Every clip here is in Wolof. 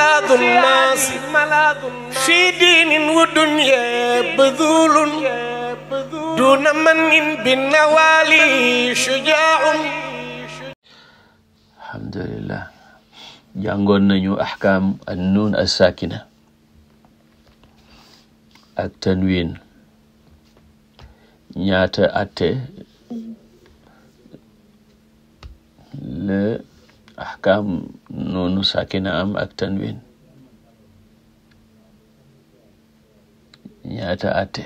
ملاذ الناس في دين ودنيا بذول دون من بالنوالي شجاع الحمد لله jàngoon nañu axkaam annuun assaakina ak tanwiin ñaata atte ahkaam noonu sakina am ak tanwin ñaata atte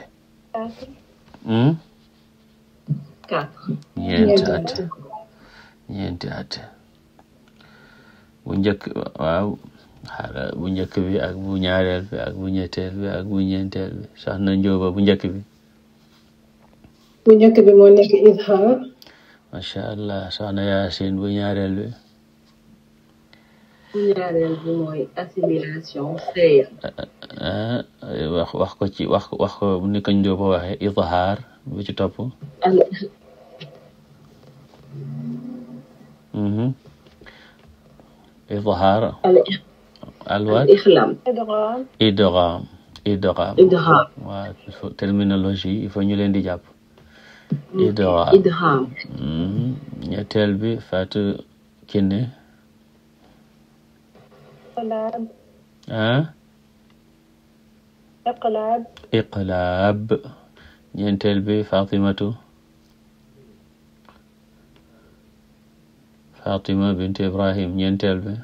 hmm? ñeenti atte ñeenti atte bu njëkk waaw bu njëkk bi ak bu ñaareel bi ak bu ñetteel bi ak bu ñeenteel bi sax na njóoba bu njëkk bi bu njëkk bi moo nekk izhaar macha allah soxna yaasin bu ñaareel bi ñaareel bi mooy assimilation eh, eh, wax wax ko ci wax wax ko ni ko Ndiob waxee izhaar bi ci topp. Mhm. izhaar. alwaat idgham. idgham idgham. terminologie il faut ñu leen di jàpp. idgham idgham. Mhm. ñetteel bi Fatou Kiné. إقلاب ah iqlaab iqlaab ñeenteel bi bint ibrahim ñeenteel bi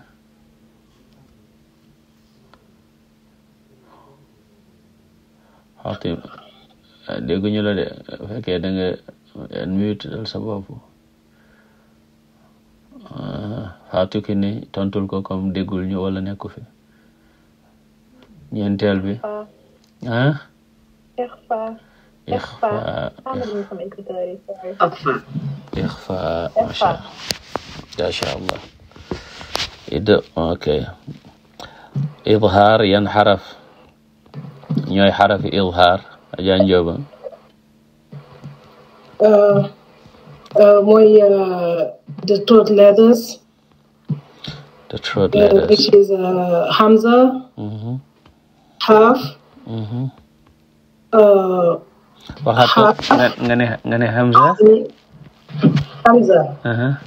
fatima dégguñu la de fekkee da nga mute dal sa xaatuki ni tontul ko comme déggul ñu wala nekku fi ñeenteel bi ah ixfa ixfa masha masha allah id ok idhaar yan xaraf ñooy xarafi idhaar ajaa njooba euh, euh, mooy euh, the third letters The Which is uh, Hamza, mm Waxaat ko nga ne nga ne Hamza. Hamza. uh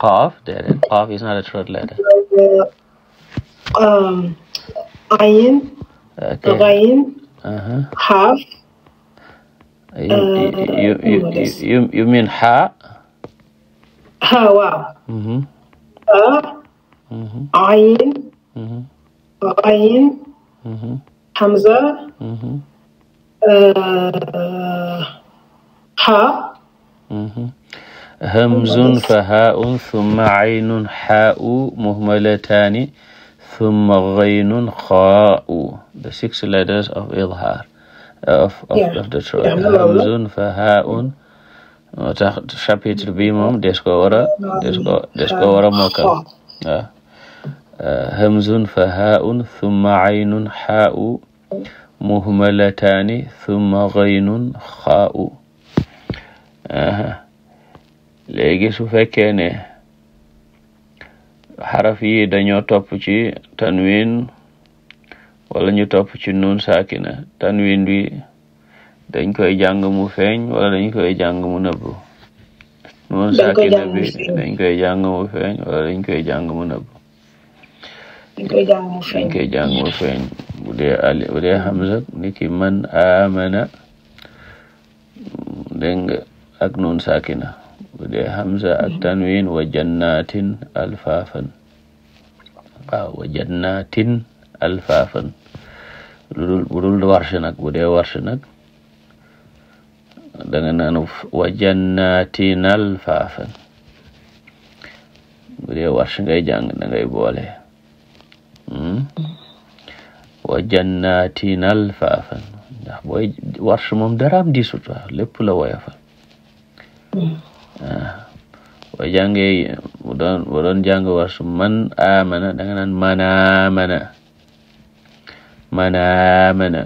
not a third letter. Uh, um, Ayn. Okay. Ghayn. Uh-huh. Haf. Uh, you, you, you, mean ha? Ha, wow. Mm-hmm. عين غين حمزة حاء همز فهاء ثم عين حاء مهملتان ثم غين خاء the six letters of إظهار of of of the همز فهاء moo tax chapitre bi moom des ko war a des ko war a mokkal waaw hamzun fa haun thumma aynun muhmalataani thumma gaynun xaau léegi su fekkee ne xaraf yi dañoo topp ci tanwin wala ñu topp ci nun saakina tanwin bi dañ koy jàng mu feeñ wala dañ koy jàng mu nëbbu dañ koy jàng feeñ wala dañ koy jàng mu nëbbu koy jàng mu feeñ bu dee ali bu dee man amana dégg ak nun sakina bu dee hamza ak mm-hmm. tanwin wa jannatin alfaafan waaw wa alfaafan budul budul warsh nag nag danga naan wa jannatin alfaafan bu dee ngay jàng da boole hmm? wa jannatin alfaafan ndax booy lépp la woyofal hmm. ah. boo jàngee bu doon bu jàng warsh man amana da nga naan man amana man amana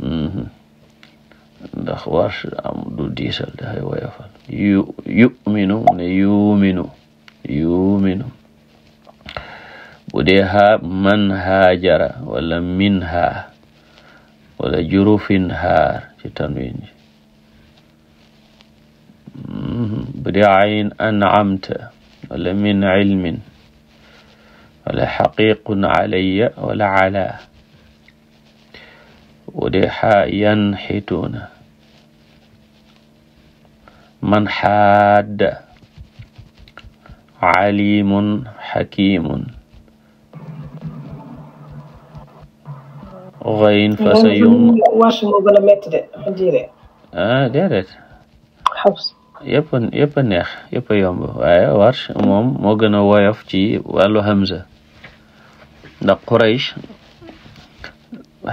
hmm. ndax warsh am du diisal dafay woyofal yu yuminu mu ne yuminu yuminu bu dee haa man haajara wala min haa wala jurufin haar ci tanwin ji mm-hmm. bu dee ayn an'amta wala min ilmin wala xaqiqun alayya wala ala bu dee haa yanxituuna man xaadda alimun xakimun xayin fa sayum ah déedéet yëpp yëpp a neex yëpp a yomb waaye warsh moom moo gën a woyof ci wàllu hamza ndax Quraysh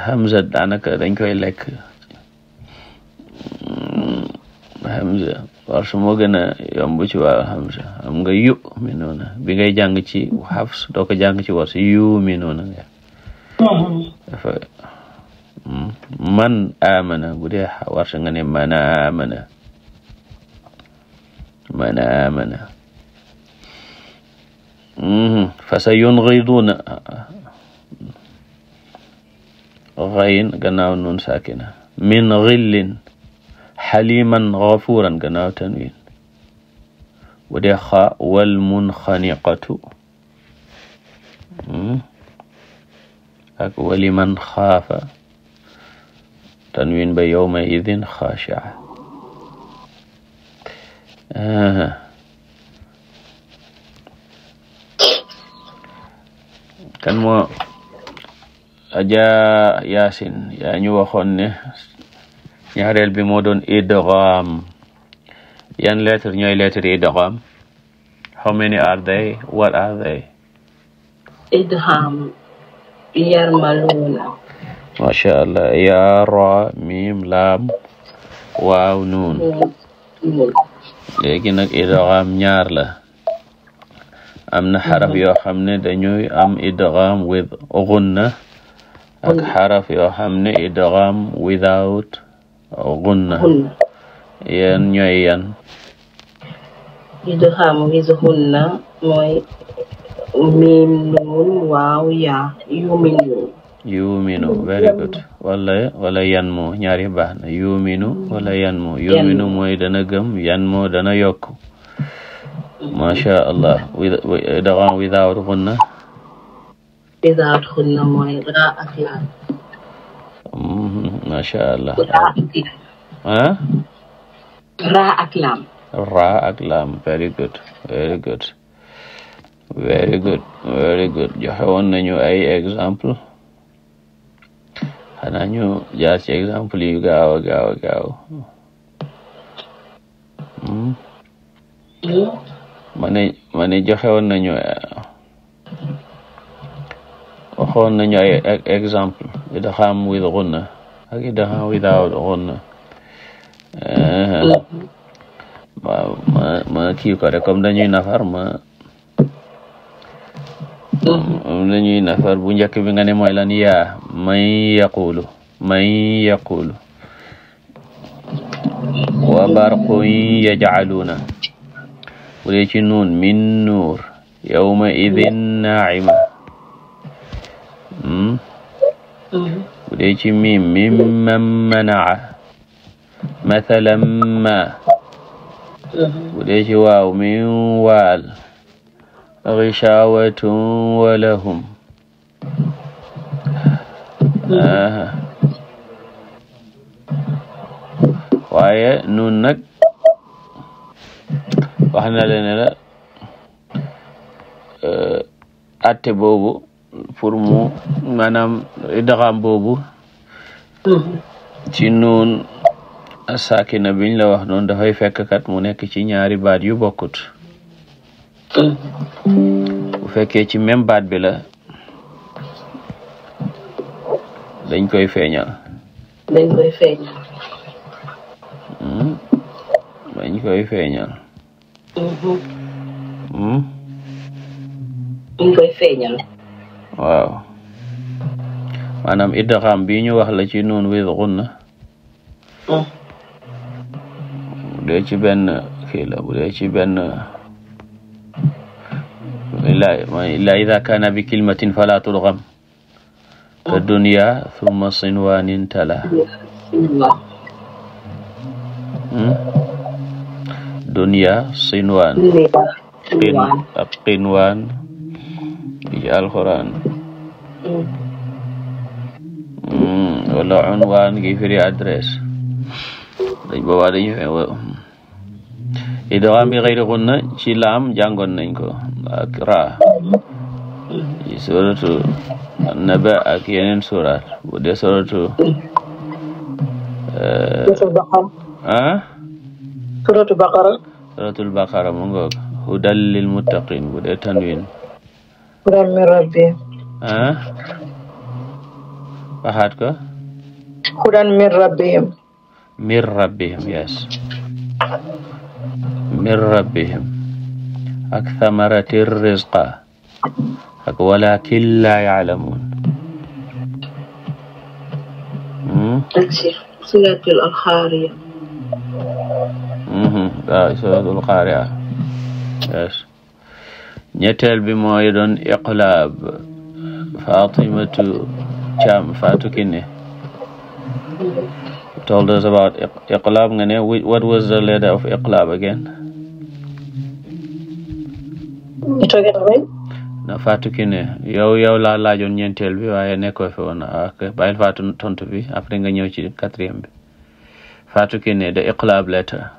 hamza daanaka dañ koy lekk hamza warsh moo gën a yomb ci hamza am nga yu mi noona bi ngay jàng ci xafs doo ci warsh yu mi noona nga dafa hmm? man amana bu dee warsh nga ne man amana man amana hmm, fa sa yungiduuna xayin gannaaw nun saakina min xillin xaliman gafuran gannaaw tanwin bu dee xa wal munxaniqatu ak waliman xaafa tanwin ba yowma idin xaashaa kan moo yaa ñu waxoon ne ñaareel bi moo doon idgham yan lettre ñooy lettre idgham how many they what are they idgham yarmaluna masha allah ya ra mim laam waaw nuun léegi nag idgham ñaar la am na xaraf mhm. yoo xam ne dañuy am idgham with gunna ak mhm. xaraf yoo xam ne idgham without xunna yéen ñooy yan yudxaamu gis xunna mooy miim nuun waaw yaa yuminu yuminu very good wala wala yan moo ñaari baax na yuminu mm. wala yan moo yuminu mooy dana gëm yan moo dana yokk mm. macha allah daxam without xunna without xunna mooy ra ak Mm-hmm. macha allah ah raa ak laam very good very good joxe woon nañu ay exemple xanaa ñu jaar yu gaaw a gaaw a gaaw hmm? Hmm? ma ne joxe woon nañu waxoon nañu ay e-, exemple idgham with ghunna ak idgham without ghunna waaw eh, ma ma kii ko rek comme dañuy nafar ma dañuy nafar bu njëkk bi nga ne mooy lan yaa man yaqulu man yaqulu wa barqun yaj'aluna bu dee ci nuun min nuur yawma idin naa'ima bu hmm? dee ci miim mimman manaa mathalan ma bu dee waaw min waal ghishaawatun wa lahum waaye nun nag wax na leen la atte boobu pour mu maanaam idgaam boobu ci nuun sakina biñ la wax noonu dafay fekk kat mu nekk ci ñaari baat yu bokkut bu fekkee ci même baat bi la dañ koy feeñal dañ koy feeñal hmm? dañ koy feeñal mhm. hmm? waaw maanaam idgham bi ñu wax la ci nuun wid gunna bu dee ci benn kii la bu dee ci benn illa ida kaana bi kalimatin fala tudgham ka dunya thumma sinwanin tala hmm? dunya sinwaan qinwaan bi ci alxuraan hmm, wala unwaan ngi firi adresse dañ boobaa dañu fe idgham bi xayri gunna ci laam jàngoon nañ ko ak ra ci ak yeneen surat bu dee suratu euh, ah suratu baqara suratul baqara muttaqin bu dee tanwin Kurame Rabbi. ah. waxaat ko. Hudan min rabbihim. Min rabbihim yes. Min rabbihim. ak thamarati rizqa. ak walakin la ya'lamun. Hmm? Suratul Qari'a. Mm-hmm. Ah, Suratul Qari'a yes. ñetteel bi mooy doon iqlaab fatimatu caam faatu told us about iqlaab nga ne what was the letter of iqlaab again na faatu kinne yow yow laa laajoon ñeenteel bi waaye nekkoo fi woon ak ah, bàyyil bi après nga ñëw ci quatrième bi faatu kinne the iqlaab letter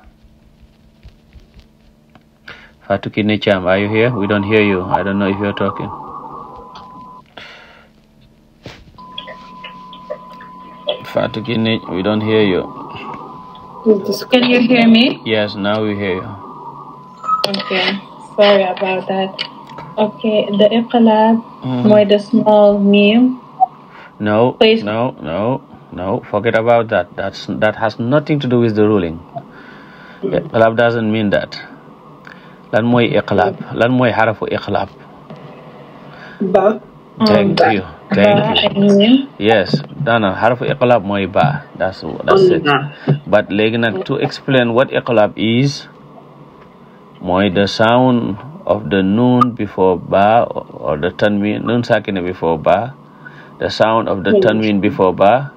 Fatu Kidney Cham, are you here? We don't hear you. I don't know if you're talking. Fatu Kidney, we don't hear you. Can you hear me? Yes, now we hear you. Okay, sorry about that. Okay, the Iqlab, mm. mooy the small meme. No, Please. no, no, no, forget about that. That's, that has nothing to do with the ruling. Iqlab doesn't mean that. lan mooy iqlaab lan mooy xarafu iqlaab. thank you yes daana xarafu iqlaab mooy ba that's that's it but léegi nag to explain what iqlaab is mooy the sound of the noon before ba or the tanwin noon sakina before ba the sound of the tanwin before ba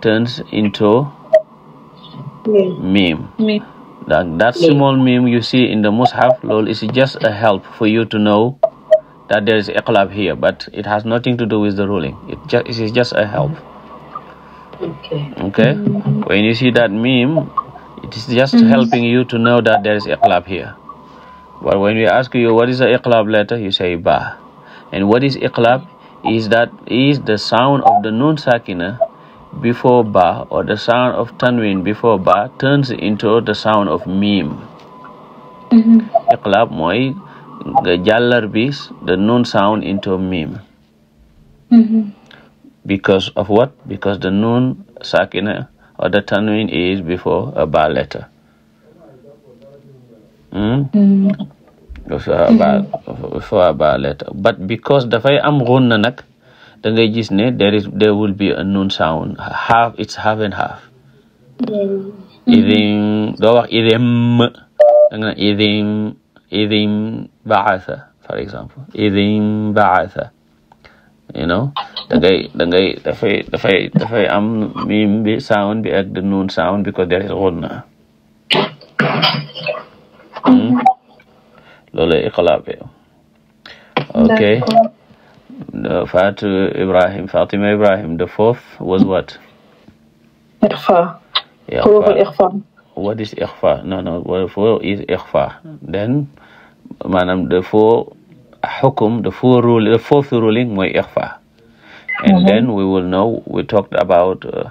turns into mim That, that small meme you see in the Mus'haf, lol, is just a help for you to know that there is iqlab here, but it has nothing to do with the ruling. It, just, it is just a help. Okay. Okay? When you see that meme, it is just mm -hmm. helping you to know that there is iqlab here. But when we ask you what is the iqlab letter, you say ba. And what is iqlab? Is that is the sound of the nun sakina before ba or the sound of tanwin before ba turns into the sound of mim mm-hmm. iqlab mooy nga jàllar the noon sound into mim mm-hmm. because of what because the noon sakina or the tanwin is before a ba letter hmm? mm-hmm. before a ba letter but because dafay am ghunna da ngay gis ne there is there will be a noon sound half it's half and half. idim doo wax idim da nga naan idim idim baasa for example idim baasa you know da ngay da ngay dafay dafay dafay am mim bi sound bi ak the noon sound because there is ghunna hmm? loolu iqlaa bi ok the Fat uh, Ibrahim Fatima Ibrahim the fourth was what? Ikhfa. Ikhfa. What is ikhfa? No, no. Well, four is ikhfa. Then maanaam the four hukum the four rule the fourth ruling mooy ikhfa. And mm-hmm. then we will know we talked about uh,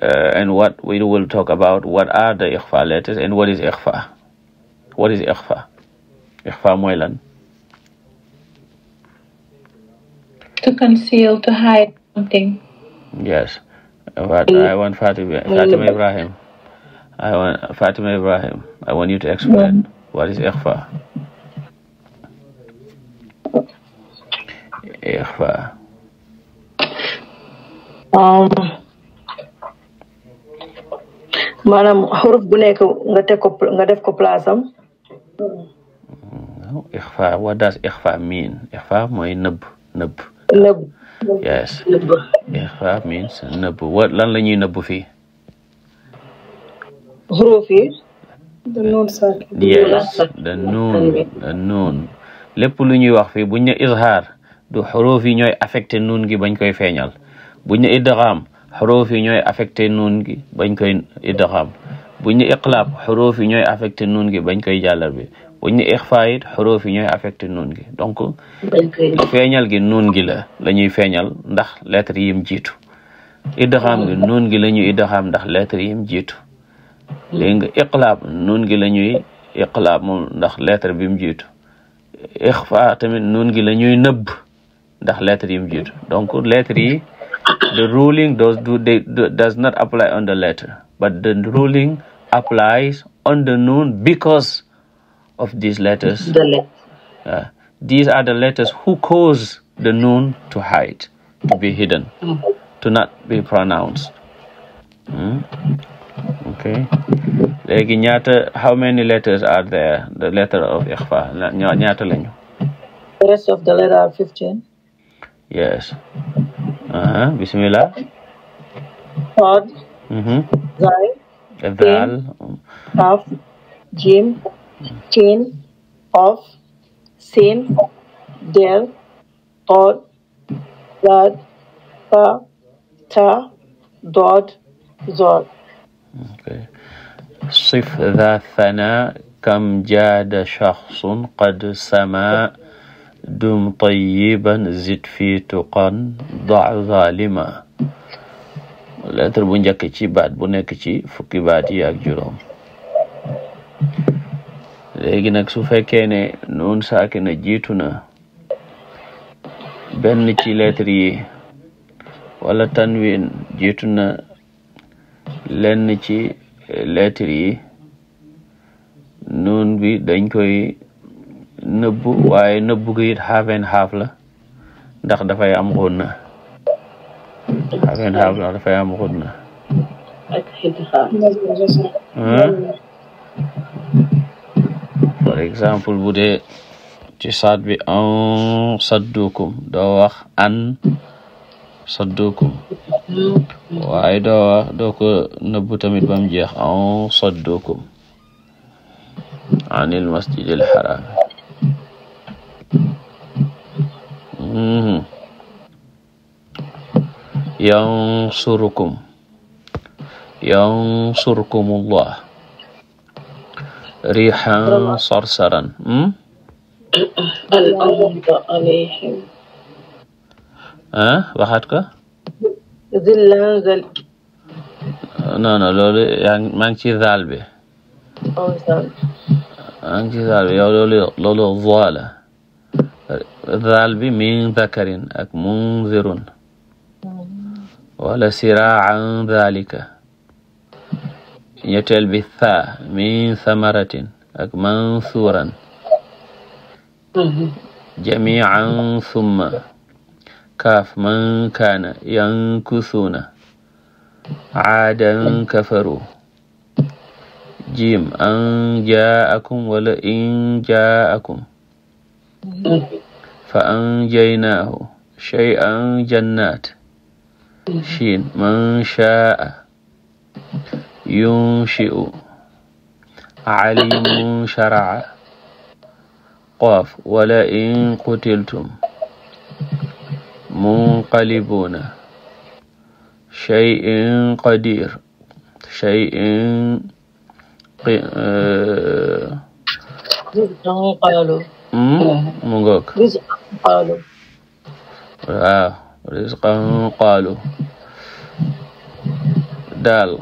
uh, and what we will talk about what are the ikhfa letters and what is ikhfa? What is ikhfa? Ikhfa mooy lan? to conceal, to hide something. Yes, mm. mm. I want Fatima, Ibrahim. I want you to explain mm. what is ikhfa. Ikhfa. Um, maanaam bu nekk nga def ko place am. what does ikhfa mean ikhfa mooy nëbb nëbb yes nëbb wa lan la ñuy nëbb fii xuruuf yes da nuun da nuun lépp lu ñuy wax fii buñ ne izhaar du xuruuf ñooy affecté nuun gi bañ koy feeñal buñ ne idgham xuruuf ñooy affecté nuun gi bañ koy idgham buñ ne iqlaab xuruuf yi ñooy affecté nuun gi bañ koy jàllar bi buñ ne ixfa it ñooy affecté nuun gi donc feeñal gi nuun gi la la ñuy feeñal ndax lettre yim jiitu idgham gi gi la ñuy idgham ndax lettre yim jiitu léegi nga iqlaab nuun gi la ñuy iqlaab moom ndax lettre bi mu jiitu ixfa tamit nuun gi la ñuy nëbb ndax yi mu jiitu donc lettre yi the ruling does do not apply on the letter but the ruling applies on the noon because of these letters the letters. Uh, these are the letters who cause the noon to hide to be hidden to not be pronounced mm. okay léegi how many letters are there the letter of ikhfa yes uh-huh. bismillah Hod. mhm chain of sin, death, or blood, pa, ta, dot, zor. Okay. صف ذا الثناء كم جاد شخص قد سما دم طيبا زد في تقا ضع ظالما lettre bu njëkk ci baat bu nekk ci fukki léegi nag su fekkee ne nuun saakina jiitu na benn ci lettre yi wala tanwin jiitu na lenn ci lettre yi nuun bi dañ koy nëbbu waaye nëbbu ko it xaaf la ndax dafay am xun na xaafen xaaf la dafay am xun na par exemple bu dee ci saat bi an saddukum doo wax an saddukum waaye doo wax doo ko nëbbu tamit bam jeex an saddukum anil masjidil haram mhm. yansurukum yansurkumullah ريحا صرصرا waxaat ko non non loolu yaa ngi maa ngi ci zaal bi maa ngi ci zaal bi yow loolu loolu zaala zaal bi min zakarin ak munzirun wala siraan zalika ñetteel bi thaa min samaratin ak mansuuran jamian summa kaaf man kaana yankusuuna aadan kafaru jiim an jaakum wala in jaakum fa anjaynaahu man shaa'a yunshi'u alimun shara'a qaaf wala in qutiltum munqalibuna shay'in qadir shay'in mu ngoog waaw rizqan qaalu daal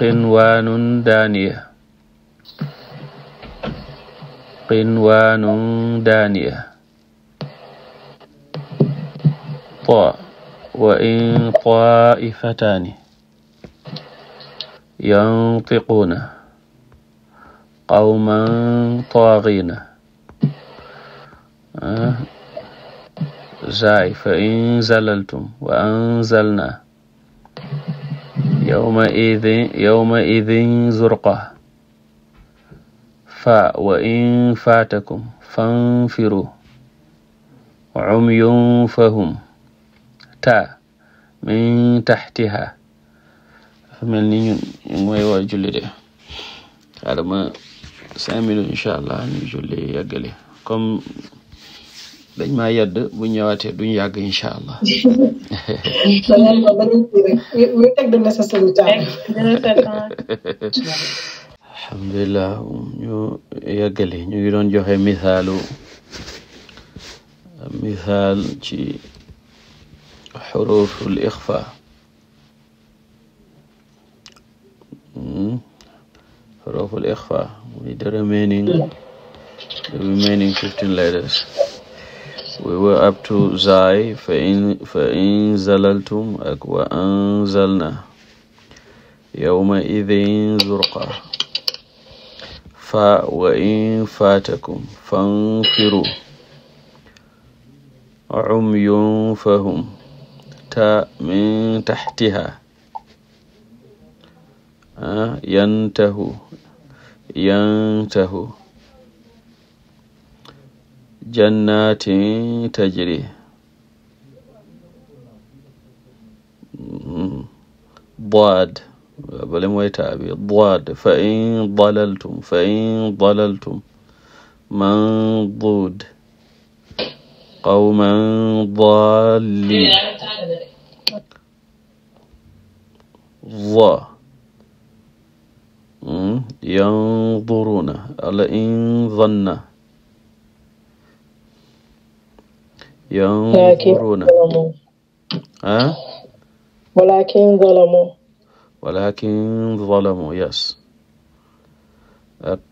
qinwaanun daaniya qinwaanun daaniya ta wa in taifataani yantiquuna qawman taagiina ah. zaay fa in zalaltum wa anzalna yowma idin zurqa fa wa in faatakum fanfiru umyun fahum ta min taxtiha dafa mel ni ñun mooy waa allah ñu julli yàggale dañ ma yedd bu ñëwaatee duñ yàgg incha allah. alhamdulilah ñu yàggali ñu ngi doon joxe misaalu misal ci xuruful ixfa hmm, xuruful ixfa muy dara meaning dara meaning fifteen letters we were up zay fa in ak wa anzalna yawma idhin zurqa fa wa in fatakum fanfiru umyun fahum ta min tahtiha ah, yantahu jannatin tajri mhm. daad bale mooy taabi daad fa in dalaltum fa in yanzuruna ah walakin zalamu walakin zalamu yes at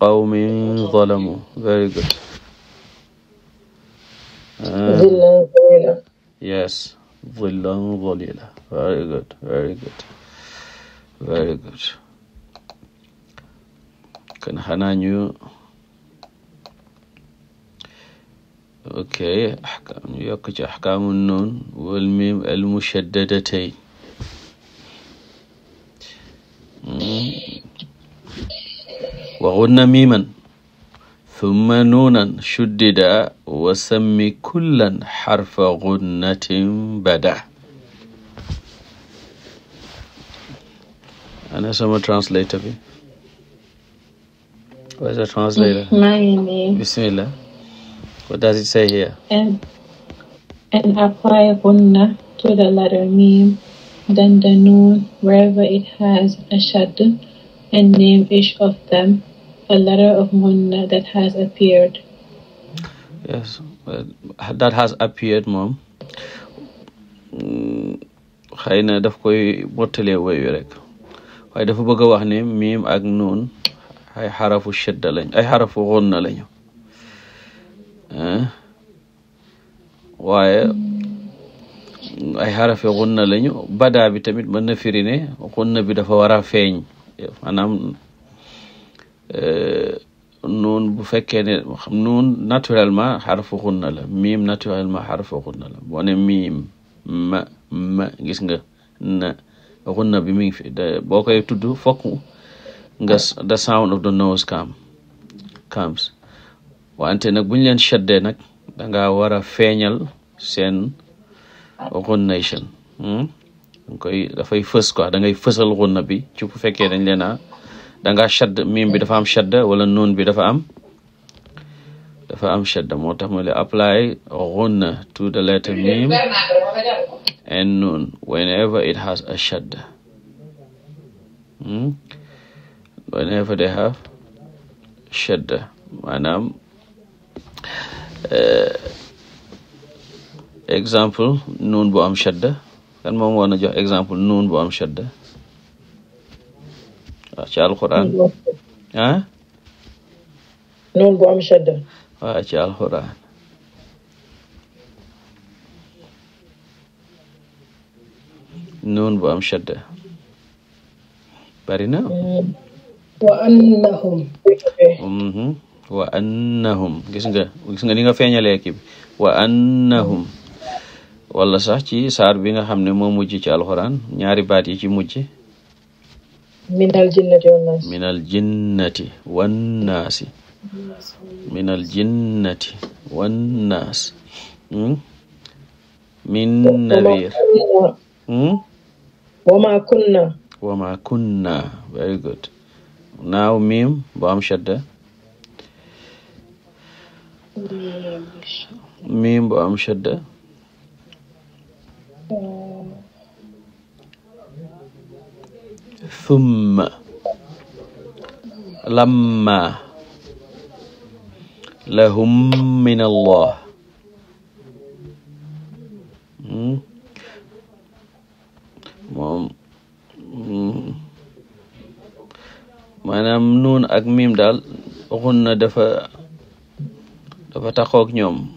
qawmin zalamu very good zillan very good very good very good kan xanaa ok axkaam ñu yokk ci axkaamu noon wal miim al mushaddadatayn waxunna miiman thumma nuunan shuddida wa sammi kullan xarfa gunnatin bada ana sama translator bi wasa translator bismillah What does it say here? And apply gunna to the letter mim, then the noon wherever it has a shadd, and name each of them a letter of gunna that has appeared. Yes, that mm, na daf koy mottalee wooyu rek waaye dafa bëgg a wax ne miim ak noon ay xarafu shadda lañ ay waaye ay xarafe xunna lañu badaa bi tamit mën na firi ne bi dafa war a feeñ maanaam eh, nuun bu fekkee ne nuun naturellement xarfu xunna la la miim ma ma gis nga na xunna bi mi ngi fi boo koy tudd fokk nga sound of the nose come wante nag buñ leen chaddee nag danga war a feeñal seen runnation hmm? danga koy dafay fës quoi da ngay fësal runna bi ci bu fekkee dañ leen a danga chadd miim bi dafa am chadd wala nuun bi dafa am dafa am shadda moo tax ma le apply ghunna to the letter mim and nun whenever it has a shadda hmm? whenever they have shadda Euh, exemple nuun bu am shadda kan moom woon jox exemple nuun bu am shadda waaw ci alquran ah nuun bu am shadda waaw na euh, wa annahum gis nga gis nga ni nga feeñalee ki bi wa annahum wala sax ci saar bi nga xam ne moo mujj ci alxuraan ñaari baat yi ci mujj minal jinnati wannaasi minal jinnati wannaasi minal jinnati wannaas hmm? min nadhir hmm? wama kunna wama kunna very good naaw miim bu am miim bu am shadda thumma lamma lahum min allah hmm? moom hmm. maanaam ak miim daal xun na dafa dafa taxook ñoom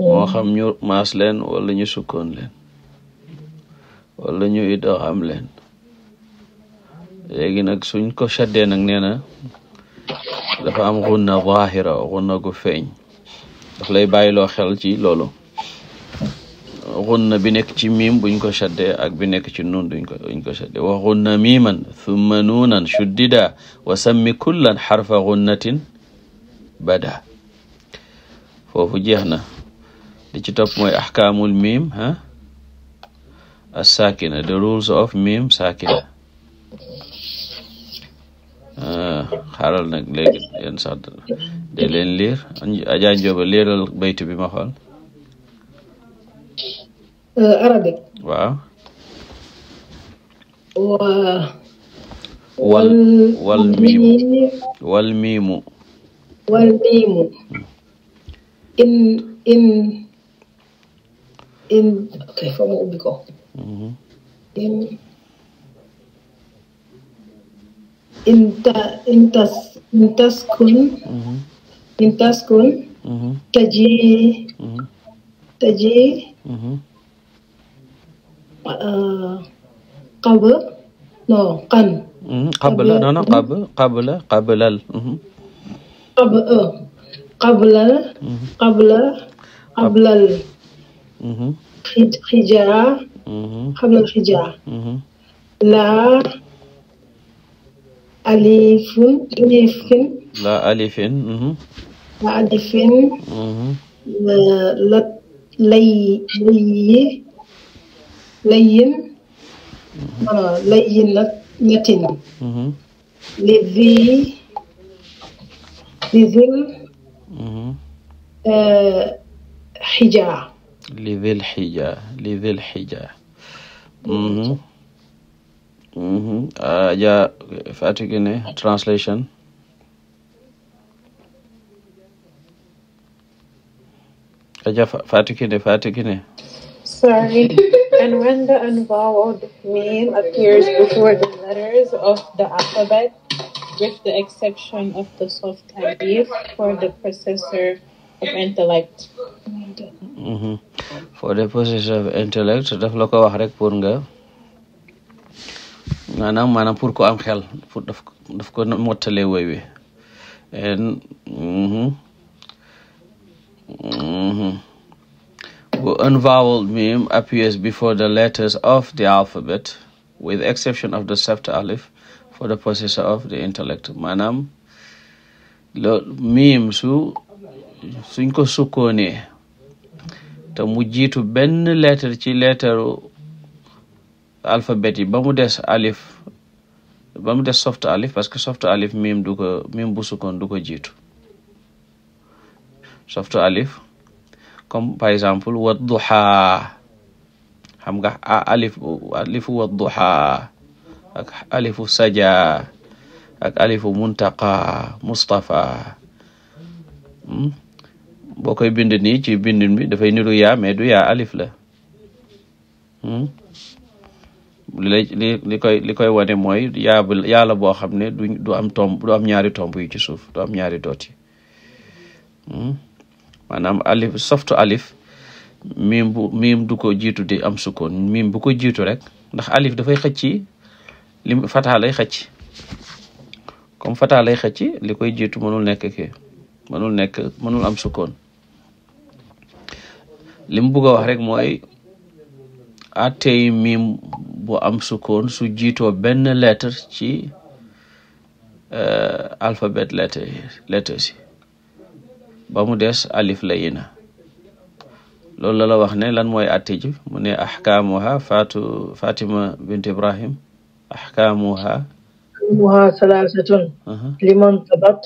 moo xam ñu maas leen wala ñu sukkoon leen wala ñu idoo am leen léegi nag suñ ko chaddee nag nee na dafa am xunna zaahira xunna gu feeñ daf lay bàyyiloo xel ci loolu xunna bi nekk ci miim buñ ko chaddee ak bi nekk ci nun duñ ko duñ ko chaddee wa xunna miiman thumma nuunan shuddida wa sammi kullan xarfa xunnatin bada foofu jeex na li ci topp mooy axkaamul mim ah as-saakina the rules of mim saakina ah, xaaral nag léegi yéen sax de leen liir Adja Ndioba bi ma euh, waaw wal wal wal miimu in in in ok foo ma ubbi ko. in inta intas intaskun. Mhm. intaskun. Mhm. taji. Mhm. taji. Eh, qab non qan. qabla non non qab qabla qablal. qab eh. qablal qablal qablal alifin mhm. alifin alifin laa alifin la lay layi layin mhm. ah, layin latin mhm. li xijaa. li dil xijaa li dil xijaa. Ajaa Fatick ne translation. Ajaa Fatick ne Fatick ne. And when the unvoweled appears before the letters of the alphabet. with the exception of the soft IDs for the processor of intellect. mm the processor of intellect daf la ko wax rek pour nga maanaam pour ko am xel pour daf daf ko mottale woy wi en mm-hmm. mm-hmm. bu unvoweled meme the letters of the alphabet with exception of the septal alif for the possessor of the intellect maanaam loolu miim su suñ ko sukkoonee te mu jiitu benn lettre ci leeter alphabet ba mu des alif ba mu des soft alif parce que soft alif miim du bu sukkoon du ko jiitu soft alif comme par exemple wadduha xam nga alif alifu wadduha ak alifu saja ak alifu muntaqa mustafa hmm? boo koy bind nii ci bindin bi dafay niru yaa mais du yaa alif la hmm? li li li koy li mooy yaa yàlla boo xam ne du du am tomb ñaari tomb yu ci suuf du am ñaari doot yi hmm? maanaam alif softu alif miim bu miim du ko jiitu di am sukkoon miim bu ko jiitu rek ndax alif dafay xëcc lim fataa lay xëcc kom fataa lay xëcc li koy jiitu mënul nekk kii mënul nekk mënul am sukkoon lim bugg wax rek mooy atey miim bu am sukkoon su jiitoo benn lettre ci euh, alphabet lettre si ba mu des alif la yi loolu la la wax ne lan mooy atte mu ne ahkaamuha fatu fatima bint ibrahim axkaamuha axkaamuha salaasatun liman tabat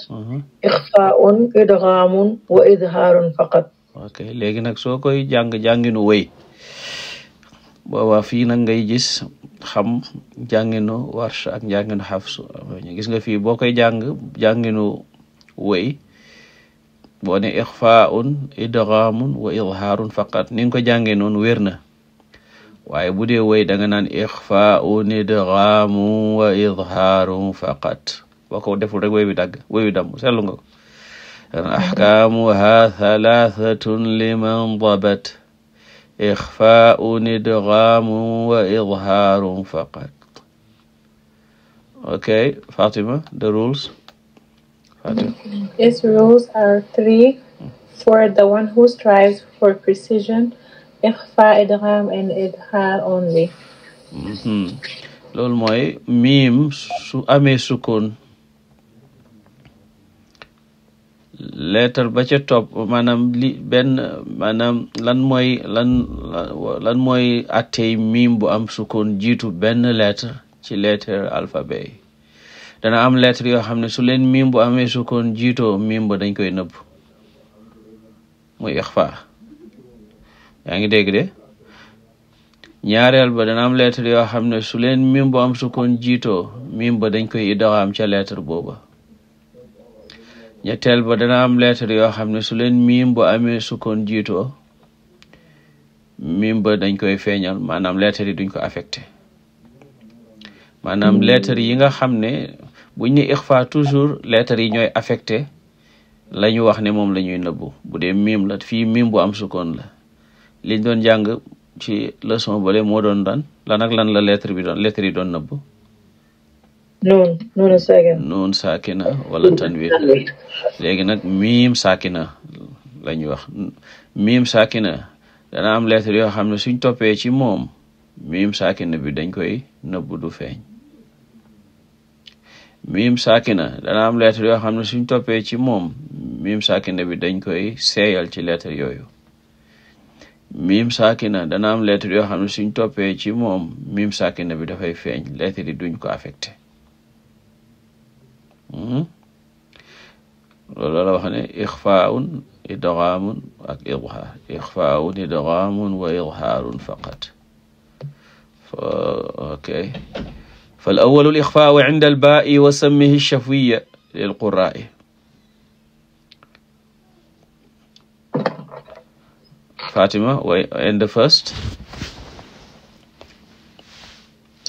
ixfaaun wa idhaarun faqat ok léegi nag soo koy jàng jànginu wéy boobaa fii nag ngay gis xam jànginu warsh ak xafsu gis fii boo koy jàng jànginu wéy boo ne ixfaaun idgaamun wa idhaarun faqat ni nga ko jàngee na waaye bu dee woy da nga naan ixfaun idgaamun wa idhaarun faqat boo ko deful rek woy wi dagg woy wi damm seetlu liman dabat ixfaun idgaamun wa idhaarun faqat okay Fatima the rules are three for the one who strives for precision Ikhfa mhm. mooy miim su amee sukkoon leetar ba ca topp maanaam li maanaam lan mooy lan miim bu am sukkoon jiitu benn leetar ci leetar alphabet yi dana am lettre yoo xam ne su leen miim bu amee sukkoon jiitoo miim ba dañ koy nëbb muy ixfa yaa ngi dégg de ñaareel ba dana am lettre yoo xam ne su leen mim bu am sukkoon jiitoo mim ba dañ koy idgaam ca lettre booba ñetteel ba dana am lettre yoo xam ne su leen mim bu amee sukkoon jiitoo mim ba dañ koy feeñal maanaam lettre yi duñ ko affecté maanaam lettre yi nga xam ne buñ ne ixfa toujours lettre yi ñooy affecté la ñu wax ne moom la ñuy nëbbu bu dee mim la fi mim bo am sukkoon la liñ doon jàng ci leçon bële moo doon dan la ak lan la lettre bi doon lettre yi doon nëbb noon noonu saakina noon saakina wala tanwir léegi nag miim saakina la ñuy wax miim saakina dana am lettre yoo xam ne suñ toppee ci moom miim saakina bi dañ koy nëbb du feeñ miim saakina dana am lettre yoo xam ne suñ toppee ci moom miim saakina bi dañ koy seeyal ci lettre yooyu mim sakina dana am lettre yoo xam ne suñ toppee ci moom mim sakina bi dafay feeñ lettre duñ ko affecté hmm? loolu la wax ne wa idhaarun faqat ok fal awwalu al ixfaau inda al baa'i wa sammihi shafwiya lil quraa'i Fatima, in the first.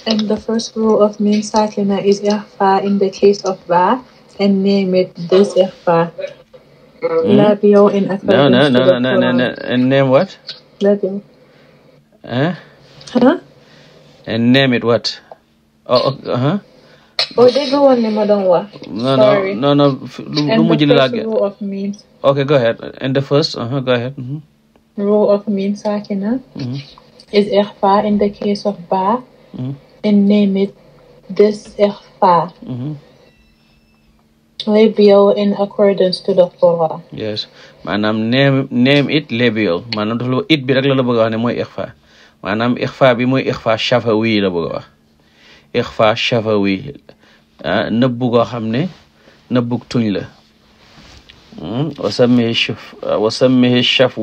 And the first rule of min sakina is ikhfa in the case of ba and name it this ikhfa. Hmm? Labial in accordance no, no, no, no, the first rule of means. okay go ahead and the first uh-huh, go ahead. Mm-hmm. rule of mean sakina mm-hmm. is ikhfa in the case of ba mm-hmm. and name it this ikhfa mm-hmm. labial in accordance to the fora. yes maanaam name it labial maanaam dafa la it bi rek la wax ne mooy ixfa maanaam ixfa bi mooy ixfa shafawi la wax ixfa shafawi ah nëbbu goo ne nëbbug tuñ la hmm? wasammihi shaf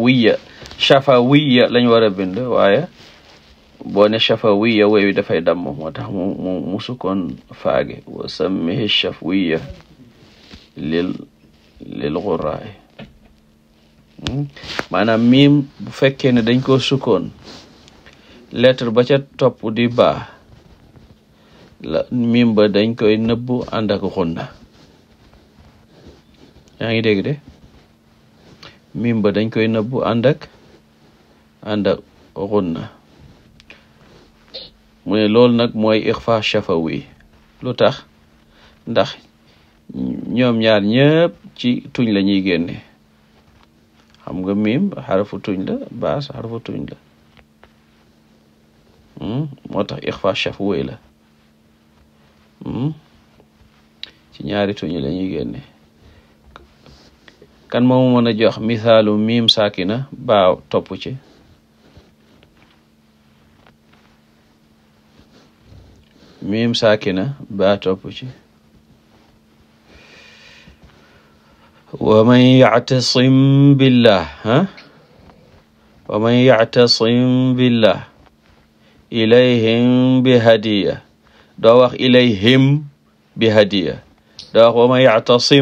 chafawiya lañ war a bind waaye boone ne chafawiya woy dafay damm moo tax mu mu musukoon faage wa sammihi chafawiya lil lil xuraay hmm? maanaam miim bu fekkee ne dañ koo sukkoon lettre ba ca topp di baa la miim ba dañ koy nëbbu ànd ak yaa ngi dégg de miim ba dañ koy nëbbu ànd ànd ak na mu ne loolu nag mooy ixfa shafawi lu tax ndax ñoom ñaar ñëpp ci tuñ la ñuy génne xam nga miim xarafu tuñ la baas xarafu tuñ la hmm? moo tax ixfa shafawi la hmm? ci ñaari tuñ la ñuy génne kan moomu mën a jox misaalu miim saakina baa topp ci miim saakina baa topp ci wa man yactasim billah ha wa man yactasim hadiya doo wax ilayhim bi hadiya doo wax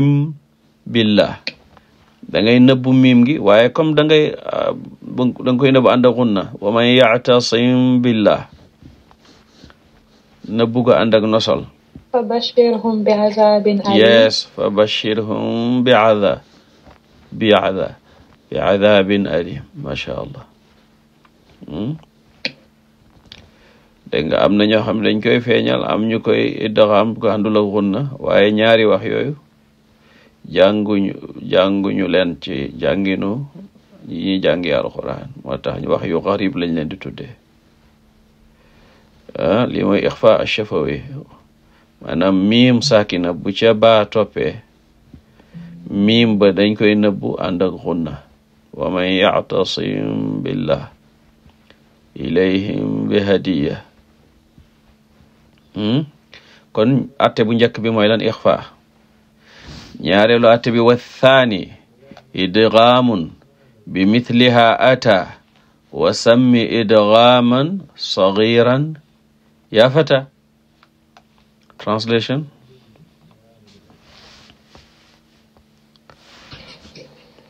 gi waaye comme da ngay ah, da nga koy gunna wa man yactasim na bugg a ànd ak nosol fa bashirhum bi azabin alim yes fa bashirhum bi azab bi azab bi azabin alim macha allah hmm? dégg nga am na ñoo xam ne dañ koy feeñal am ñu koy idgaam ko àndul ak xunna waaye ñaari wax yooyu jànguñu jànguñu leen ci jànginu yi ñuy jàngi alquran moo tax ñu wax yu xarib lañ leen di tuddee Ah, li mooy ixfa ash-shafawi maanaam miim bu ca baa toppee miim ba dañ koy nëbbu ànd ak xunna wa man billah ilayhim bi hadiya hmm? kon atte bu njëkk bi mooy lan ixfa ñaareelu atte bi wa thaani bi mithliha ata wa idgaaman sagiran ya fata translation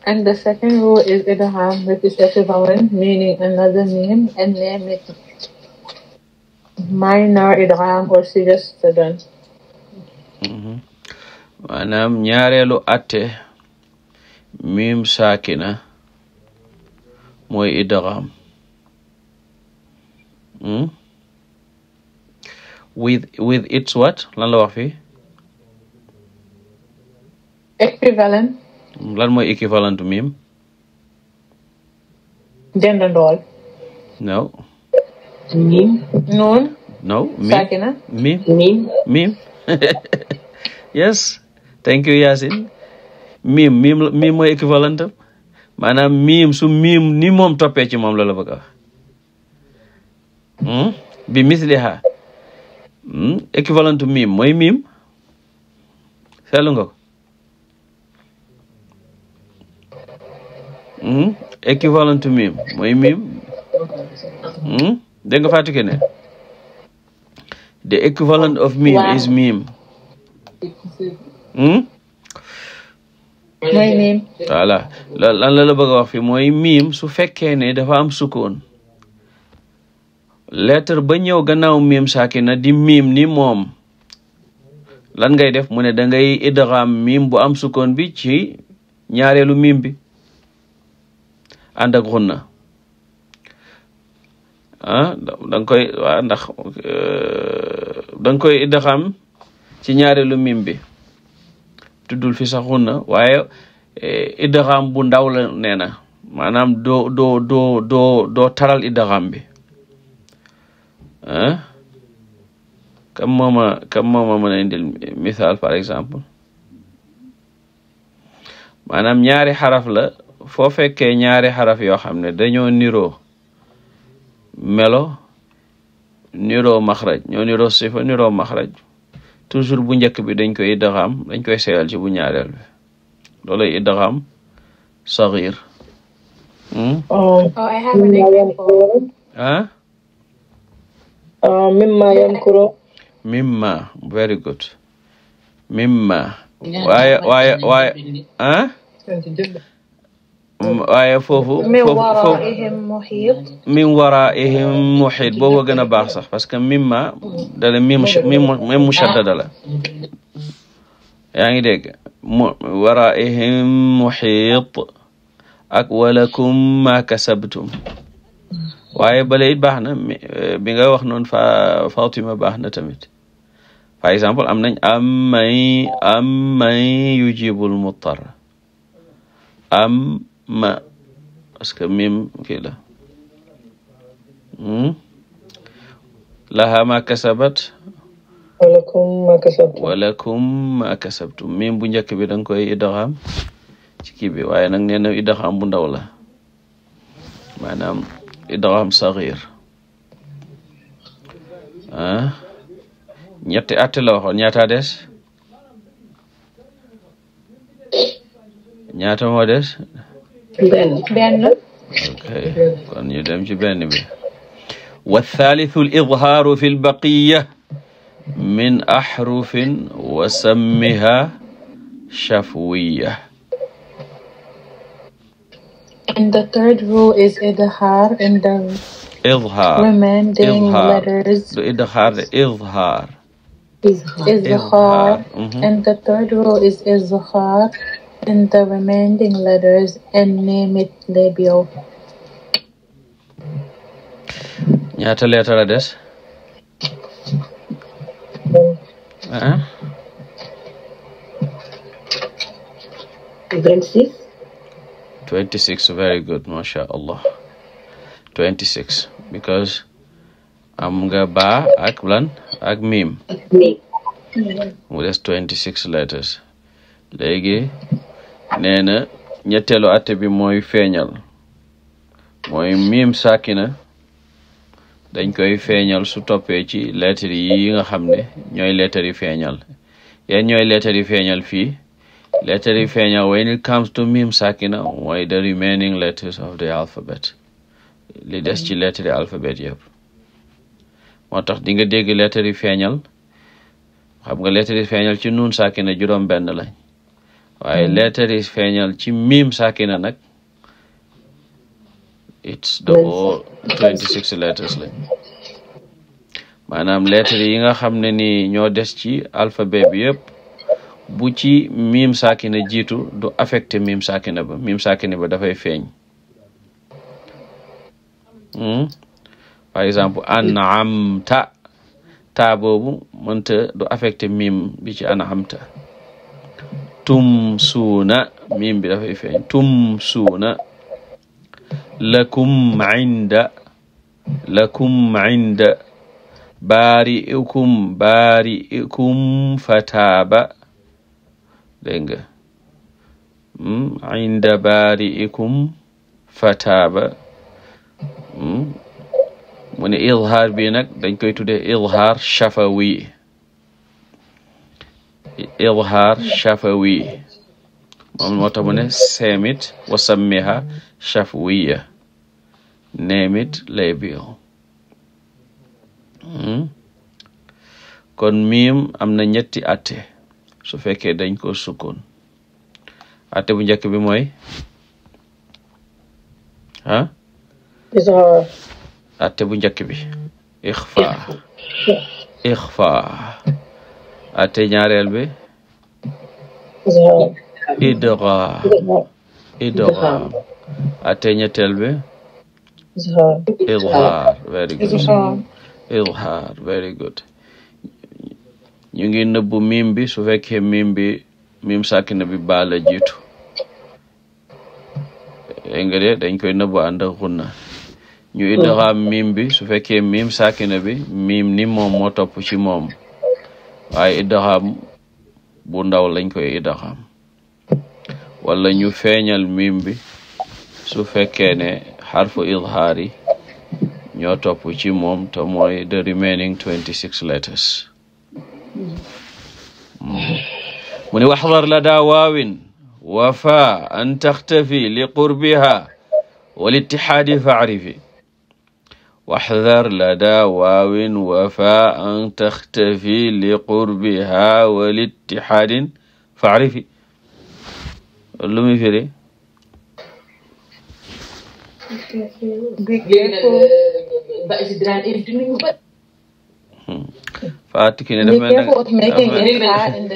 And the second rule is idgham, which is equivalent, meaning another name and name it minor idgham or suggested. Mm-hmm. maanaam ñaareelu atte miim saakina mooy idgham. Hmm? with with its what lan la wax fii. equivalent. lan mooy equivalent mim. dendandool. no. mim. noon. no mim sakina. yes thank you Yacine. mim mim mim mooy équivalent am maanaam mim su mim ni moom toppee ci moom la la bëgg a wax hmm? bi misliha Hmm? équivalent miim mooy miim seetlu nga ko hmm? équivalent miim mooy miim hmm? dégg nga Fatou equivalent of meme is meme mooy meme voilà lan la la bëgg a wax fi mooy meme su fekkee ne dafa am sukkoon lettre ba ñëw gannaaw miim na di miim ni moom lan ngay def mu ne dangay ngay idgham miim bu am sukkoon bi ci ñaareelu miim bi ànd ak xunna ah koy waaw ndax euh, da koy idgham ci ñaareelu miim bi tuddul fi sax xunna waaye eh, idgham bu ndaw la nee na maanaam doo doo doo doo doo taral idgham bi ah kam mooma kam mooma mën a par exemple maanaam ñaari xaraf la foo fekkee ñaari xaraf yoo xam ne dañoo niroo melo niroo maxraj ñoo niroo sifa niroo maxraj toujours bu njëkk bi dañ koy idgham dañ koy seyal ci bu ñaareel bi loolay idgham saghir hmm? oh, oh, Uh, mimma yankuru. mimma very good mimma. waaye waaye waaye ah. Mm, waaye foofu. min waraihim muhit boobu gën a baax sax parce que mimma dala mim mim mushaddada la. yaa ngi dégg mu waraihim muhit ak walakum ma kasabtum waaye bale it baax na euh, bi nga wax noon fa Fatima baax na tamit par exemple am nañ am may am may am ma parce que mim kii la hmm? laha ma kasabat walakum ma kasabtum ma kasabtum mim bu njëkk bi da koy idgham ci kii bi waaye nag nee na bu ndaw la maanaam idgham saghir ah ñetti atte la waxoon ñaata des ñaata moo des benn ok kon ñu dem ci benn bi wa thaalithu al idhaaru fi al baqiya min ahrufin wa sammiha shafwiya And the third rule is idhar in the idhar remaining The idhar, the idhar. Mm-hmm. the third rule is izhar in the remaining letters and name it des. 26 very good masha allah 26 because am nga ba ak lan ak miim mu des 26 letters léegi nee na ñetteelu atte bi mooy feeñal mooy miim sàkkina dañ koy feeñal su toppee ci lettres yi nga xam ne ñooy lettres feeñal yan ñooy lettres feeñal fii letter feeñal feeña when it comes to mim sakina mooy the remaining letters of the alphabet li des ci lettre alphabet yëpp moo tax dinga nga dégg lettre feeñal xam nga lettre feeñal ci nuun sakina juróom benn lañ waaye hmm. lettre feeñal ci mim sakina nag it's the maanaam lettre yi nga xam ne ni ñoo des ci alphabet bi yëpp bu ci miim saakina jiitu du affecté miim saakina ba miim saakina ba dafay feeñ hmm? par exemple an'amta ta boobu mënta du affecté miim bi ci an'amta tumsuuna miim bi dafay feeñ tumsuuna lakum inda lakum inda baari'ikum baari'ikum fataaba dégg nga hmm? inda baari'ikum fataaba hmm? mu ne izhaar bi nag dañ koy tuddee izhaar shafawi izhaar shafawi moom moo mu ne seemit wa sammiha shafwiya neemit lay hmm? kon miim am na ñetti atte su fekkee dañ ko sukkoon ate bu njëkk bi mooy ah ate bu njëkk bi ixfa ixfa ate ñaareel bi idgham idgham ate ñetteel bi izhar very good ñu ngi nëbbu miim bi su fekkee miim bi miim sàkkina bi baal a jiitu nga de dañ koy nëbbu ànd ak xunna ñu idgaam miim bi su fekkee miim sàkkina bi miim ni moom moo topp ci moom waaye idgaam bu ndaw lañ koy idgaam wala ñu feeñal miim bi su fekkee ne xarfu izhaar yi ñoo topp ci moom te mooy the remaining letters mu ne waxdar la daa waawin wafa an taxtafi li qurbiha walitixaadi faarifi waxdar lada waawin wafa an taxtafi li qurbiha walitixaadin faarifi lu muy firi particularly Be careful with making it God in the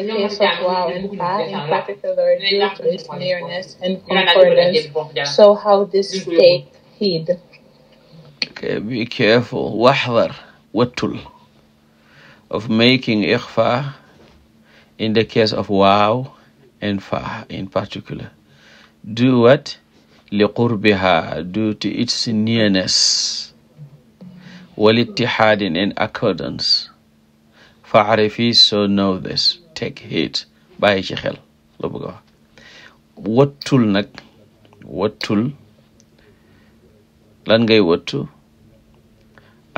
case of wow, God in particular due to his nearness and concordance. So how this take heed. Okay, be careful wahdhar wattul of making ikhfa in the case of wow and fa in particular. Do what? liqurbiha due to its nearness. Wal ittihadin in accordance. faarifi so know this take heed bàyyi ci xel wattul nag wattul lan ngay wattu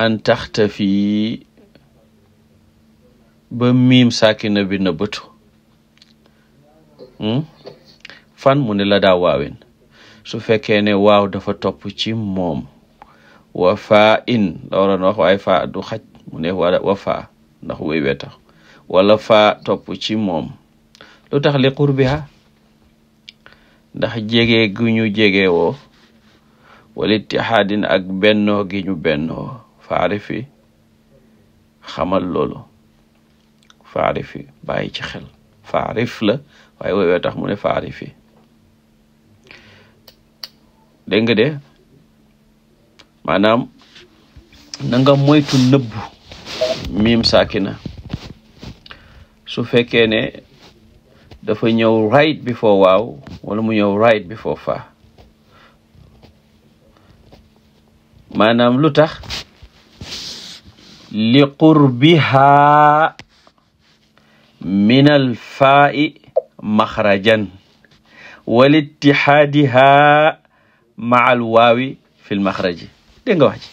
an taxtafi ba miim saakina bi na bëtu hmm? fan mu ne la daa su fekkee ne waaw dafa topp ci moom wa faa in la waroon wax waaye faa du xaj mu ne wa faa ndax woy wee tax wala fa topp ci moom lu tax le li qurbiha ndax jege gu ñu jege woo wala ittihaadin ak bennoo benno ñu bennoo faarifi xamal loolu faarifi bàyyi ci xel faarif la waaye woy wee tax mu ne faarifi dégg nga de maanaam na nga moytu nëbbu miim saakina su fekkee ne dafa ñëw right before waaw wala mu ñëw right before faa maanaam lu tax li qurbihaa min alfaa'i maxrajan wa littihaadihaa maa alwaawi fi lmaxraji dégg ji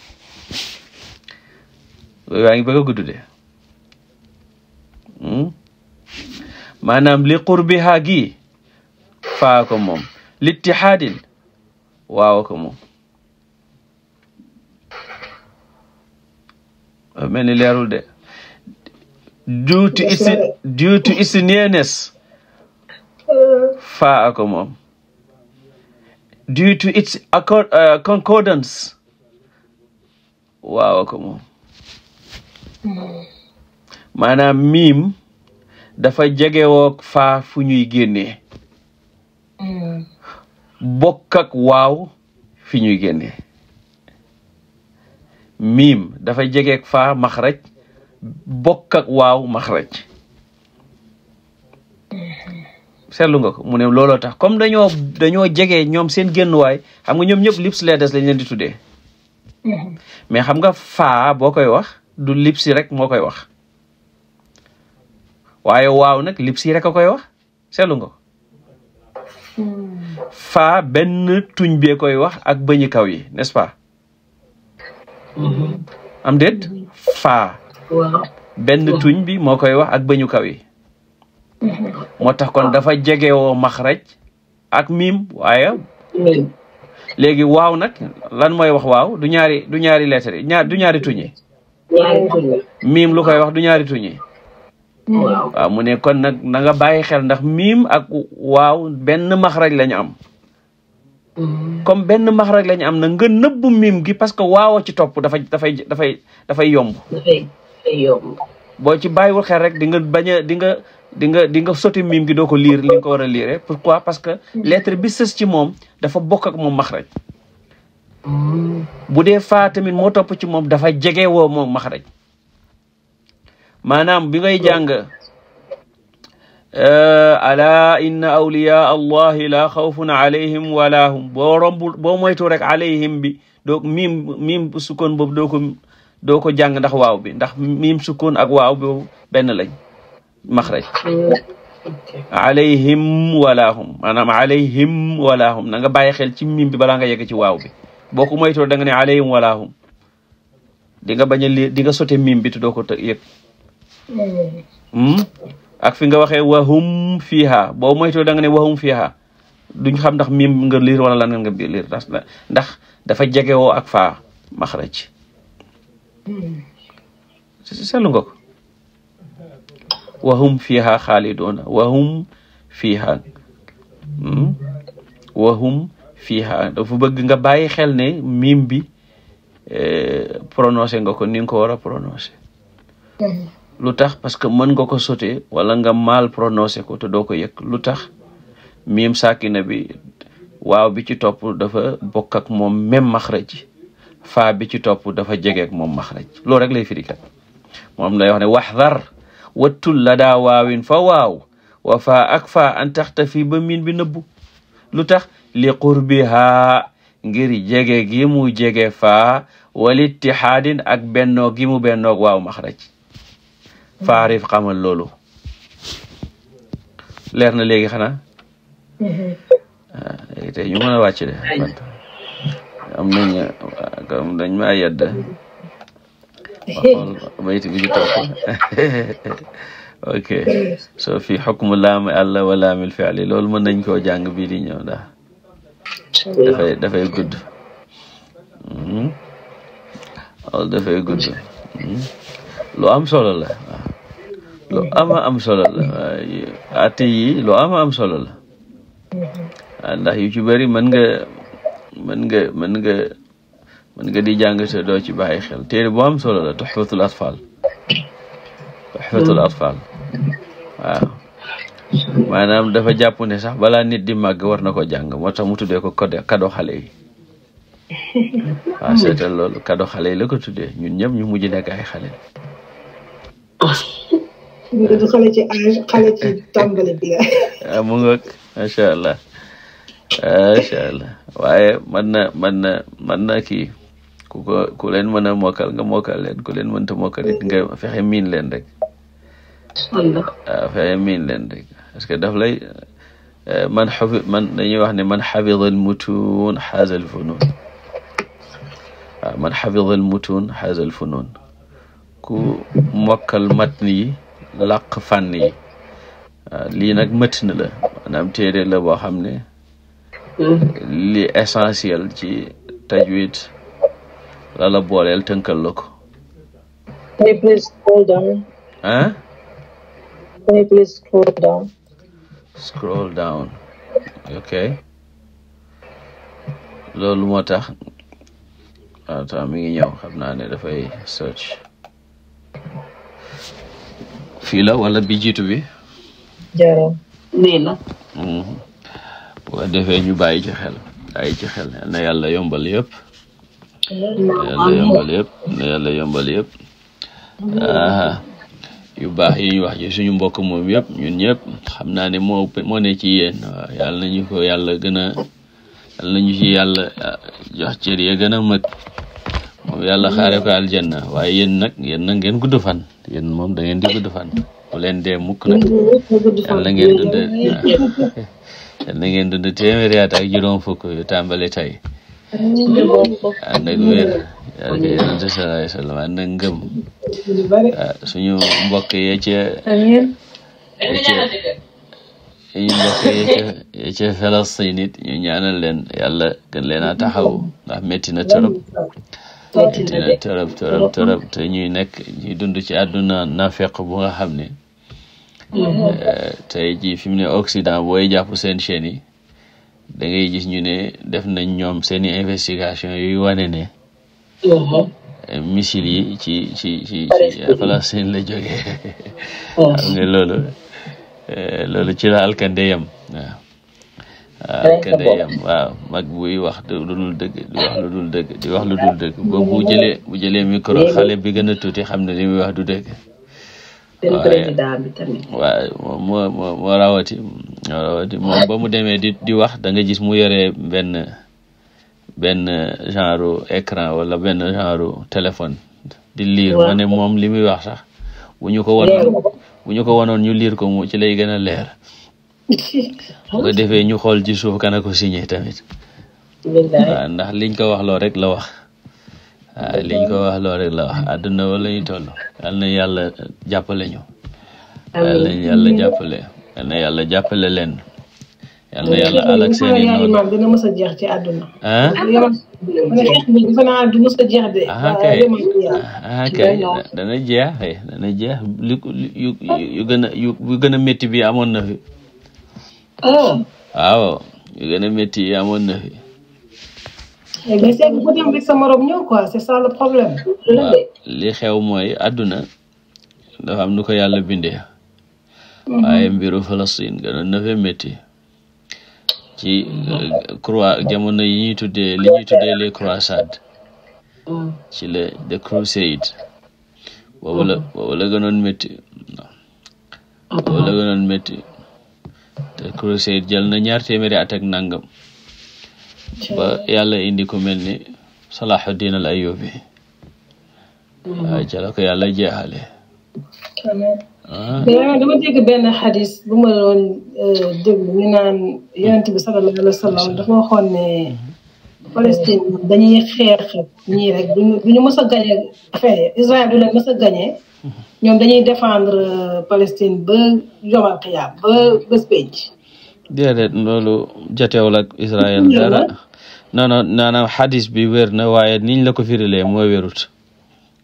yaa ngi bëgg a gudd de maanaam li qurbiha gi faa moom littihaadin waaw ko moom ah, mel ni leerul de due to its nearness faa moom due to its accordance waaw moom maanaam miim dafa jegewook fa fu ñuy génnee bokkak ak waaw fi ñuy génne miim dafa jegek fa maxraj bokk ak waaw maxraj seetlu nga ko mu ne looloo tax comme dañoo dañoo jege ñoom seen waay xam nga ñoom ñëpp lips letters lañ leen di tuddee mm-hmm. mais xam nga faa boo koy wax du Lipsi rek moo koy wax waaye waaw nag Lipsi rek a koy wax seetlu nga faa benn tuñ bee koy wax ak bëñi kaw yi pa ce pas mm-hmm. am déet faa benn tuñ bi moo koy wax ak bëñu kaw yi mm-hmm. moo tax kon ah. dafa jegewoo max maxraj ak miim waaye léegi waaw nag lan mooy wax waaw du ñaari du ñaari lettre ñaar du ñaari tuñ miim lu koy wax du ñaari tuñ mu ne kon nag na bàyyi xel ndax miim ak waaw benn maxraj lañu am mm-hmm. comme benn maxraj lañu am na nga nëbbu miim gi parce que waaw ci topp dafay dafay dafay dafay yomb boo ci bàyyiwul xel rek di nga bañ a di nga di nga di nga sotti miim gi doo ko liir li nga ko war a liire pourquoi parce que mm-hmm. lettre bi sës ci moom dafa bokk ak moom maxraj bu dee faa tamit moo topp ci moom dafa jegewoo moom maxraj maanaam bi ngay jàng ala inna awliya allahi la xawfun alayhim wala hum boo romb boo rek alayhim bi doo miim miim sukkoon boobu doo ko doo ko jàng ndax waaw bi ndax miim sukkoon ak waaw boobu benn lañ maxraj alayhim wala hum maanaam alayhim wala hum na nga bàyyi xel ci miim bi balaa nga yege ci waaw bi boo ko moytoo da nga ne alayhim walaahum di nga bañ a li di nga sote miim bi te doo ko hmm? ak fi nga waxee wahum fiiha boo moytoo da nga ne wahum fiiha duñ xam ndax miim nga liir wala lan nga liir ndax dafa jegewoo ak fa maxraj seetlu nga ko wahum fiiha xaaliduuna wahum fiiha hmm? wahum fiiha dafa bëgg nga bàyyi xel ne miim bi eh, prononcé nga ko ni ko war a prononcé mhm. lu tax parce que mën nga ko sauté wala nga mal prononcé ko te doo ko yëg lu tax mim sakina bi waaw bi ci topp dafa bokk ak moom même maxraj ji faa bi ci topp dafa jege ak moom maxraj rek lay firi kat moom lay ne waxdar wattul la daa waawin fa waaw wa faa ak faa an taxta fii ba miin bi nëbbu lu tax li qurbiha ngir jege gi mu jege faa wal ittihaadin ak benno gi mu bennoog waaw maxraj faarif xamal loolu leer na léegi xanaa mhm. ah léegi tey ñu mën a wàcc de am nañ am dañ maa yedda waxoon bayt bi ñu topp ok so fi xukmu laami àlla wa laamil fi'li loolu mën nañ koo jàng bii di ñëw ndax dafay gudd hmm? loolu dafay gudd hmm? lu am solo la waaw lu am solo la ati yi lu am solo la waaw mm-hmm. ndax yu ci bëri mën nga mën nga mën nga mën nga di jàng te doo ci bàyyi xel téere bu am solo la tuhfatul atfal tuhfatul hmm. atfal waaw maanaam dafa jàpp ne sax balaa nit di màgg war na ko jàng moo tax mu tuddee ko kado xale yi waaw seetal la ko tuddee ñun ñëpp ñu mujj nekk ay xale xale xale ci ah, mu ngoog macha allah macha allah waaye mën na mën na mën na kii ku leen mën a mokkal nga mokkal leen ku leen mënta mokkal nga fexe miin leen rek waaw ah, fexe leen rek parce que daf lay eh, man xafi man dañuy wax ne man xafida al mutuun xaaza al funuun ah, man xafida al mutuun xaaza ku mokkal matn yi làq fànn ah, lii nag matn la maanaam téere la boo xam ne li essentiel ci tajwid la la booleel tënkal la ko Can you scroll down? Scroll down. loolu moo tax waaw mi ngi ñëw xam naa ne dafay search fii la wala bi wi bi. jaaraama nii la. Mhm. ko defee ñu bàyyi ci xel na yàlla yombal yépp yàlla yombal yëpp na yàlla yombal yëpp. yu baax yi wax suñu mbokk moom yëpp ñun ñëpp xam naa ne moo moo ne ci yéen yàlla nañu ko yàlla gën a yàlla nañu ci yàlla ah, jox cër ya gën a mag moom yàlla xaare ko aljanna waaye yéen nag yéen nag ngeen gudd fan yéen moom da ngeen di gudd fan bu leen dee mukk nag yàlla ngeen dund yàlla ngeen dund fukk yu tàmbali tey ànd ak suñu mbokk ya ca ya ca suñu mbokk ñu ñaanal leen yàlla gën leen a taxaw ndax métti na torop métti na torop torop torop te ñuy nekk ñuy dund ci àdduna nafeq bu nga xam ni te jii fi mu ne Occident booy jàpp seen chaîne da ngay gis ñu ne def nañ ñoom seeni investigation yuy wane ne uh-huh. missile yi ci ci ci ci la jógee uh-huh. xam nga eh, ci la alkande yam waaw waaw yam waaw mag buy wax lu dul dëgg lu dul dëgg di wax lu dul dëgg boobu bu jëlee bu jëlee micro xale bi gën a tuuti xam ne li muy wax du dëgg seen président bi rawati moom ba mu demee di di wax danga nga gis mu yore benn benn genre écran wala benn genre téléphone. di liir ma ne moom li muy wax sax bu ñu ko wanoon bu ñu ko wanoon ñu liir ko mu ci lay gën a leer. mu ko defee ñu xool ci suuf kan a tamit. waaw ndax liñ ko wax loo rek la wax. Ah, liñ ko wax loo rek la wax àdduna yal na yàlla jàppale ñu yal na yàlla jàppale yal na yàlla jàppale leen yal na yàlla alak seen i noonu dina mës a jeex ci àdduna kay dana jeex yu yu gën bi amoon na fi oh. waaw yu gën a métti amoon na fi mais li xew mooy àdduna dafa am nu ko yàlla bindee. Mhm. waaye mbiru Palestine gënoon na fee métti. ci croix jamono yi ñuy tuddee li mhm. ci la the crusade. boobu la mhm. boobu la gënoon métti. Ah boobu la gënoon métti. te crusade jël na ñaar téeméeri at ak nangam. ba yàlla indi ku mel ni Salahuddin al Ayyubi mm-hmm. waaw yàlla jeexale ah. dama dégg benn xadis bu ma doon euh, déglu ñu naan yonent bi sallallahu alayhi wa mm-hmm. dafa waxoon mm-hmm. Palestine dañuy xeex ñii rek duñu duñu a gañe affaire Israël du leen mës gañe ñoom dañuy défendre euh, Palestine ba yomal xiyaam ba bés déedéet loolu jotewul ak Israël dara non non naanaam xadis bi wér na waaye niñ la ko firilee moo wérut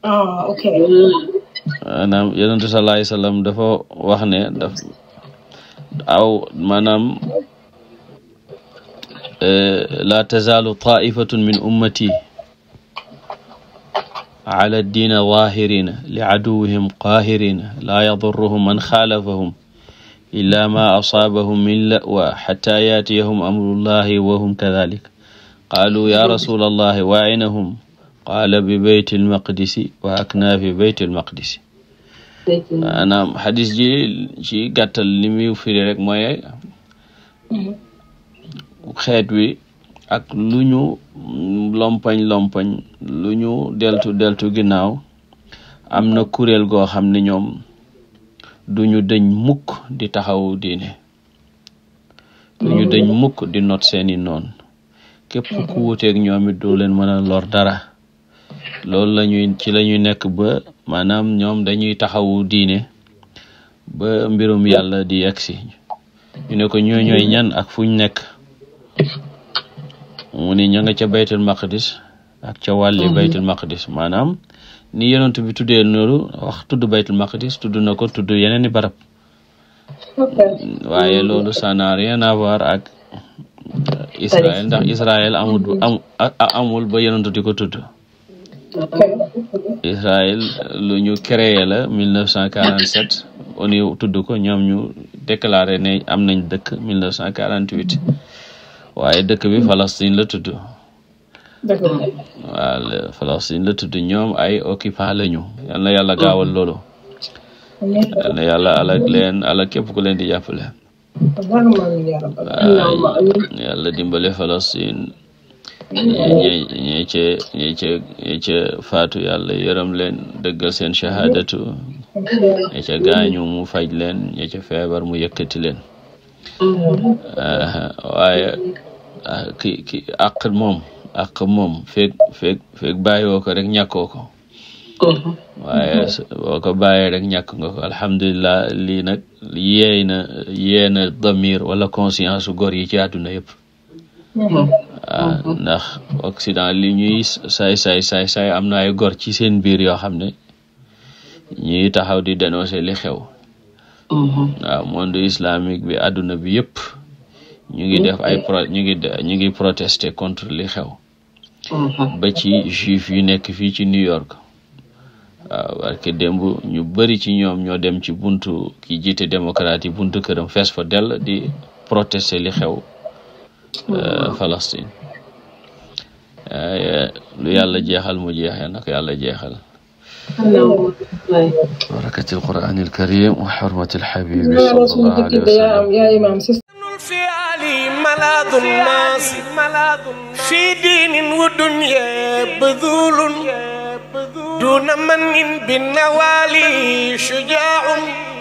ah ok maanaam yonentu sallallahu alayhi wasallam dafa wax ne daf aw maanaam eh, laa tazaalu taifatun min ummati ala diina zaahirina li aduwihim qahirina laa yadurruhum man xaalafahum illaa maa asaabahum min lawa xataa yaatiyahum amrullahi wa hum kadalik qaaluu yaa rasulallahi wa ayna hum qaala bi beytil maqdisi wa aknaa fi beytil maqdisi maanaam xadis ji ci gàttal li muy firi rek mooy xeet wi ak lu ñu lompañ lompañ luñu ñu deltu deltu ginnaaw am na kuréel goo xam ne du ñu dëñ mukk di taxawu diine duñu dëñ mukk di not seeni noon képp ku wuteeg ñoom it doo leen mën a lor dara loolu lañuy ci la ñuy nekk ba maanaam ñoom dañuy taxawu diine ba mbirum yàlla di yegsi ñu ne ko ñoo ñooy ñan ak fuñ nekk mu ni ña nga ca baytul maqdis ak ca wàlli baytul maqdis maanaam ni yonent bi tuddee noonu wax tudd baytul maqdis tudd na ko tudd yeneen barab waaye loolu ça n'a ak Israël ndax Israël amul am amul ba yonent di ko tudd Israël lu ñu créé la mille neuf cent quarante sept oni tudd ko ñoom ñu déclaré ne am nañ dëkk mille neuf cent quarante huit waaye dëkk bi Palestine la tudd d'accord waaw mm. Palestine ñoom ay occupant lañu yal na yàlla gaawal loolu yal na yàlla alak leen alak képp ku leen di jàppale waaw yàlla dimbale Palestine ñe ce ñe faatu yàlla yërëm leen dëggal seen shahadatu ñe ca gaañu mu faj feebar mu yëkkati leen mm. waaye ah, ki ki ak moom feeg feeg feeg ko rek ñàkkoo ko mhm. waaye boo ko bàyyee rek ñàkk nga ko alhamdulilah lii nag yeey na yee na damir wala conscience góor yi ci àdduna yëpp mhm. Mhm. ndax Occident li ñuy say saay saay saay am na ay gor ci seen biir yoo xam ne ñuy taxaw di dénoncer li xew waaw islamique bi àdduna bi yëpp ñu ngi def ay ñu ngi ñu protester contre li xew Mhm. ba ci juif yu nekk fii ci New York waaw parce ñu bëri ci ñoom ñoo dem ci buntu ki jiite démocrate yi buntu këram fees fa dell di protester li xew mhm. euh, Palestine lu yàlla jeexal mu jeexee nag yàlla jeexal barakatil quraanil ملاذ الناس في دين ودنيا بذول دون من بالنوالي شجاع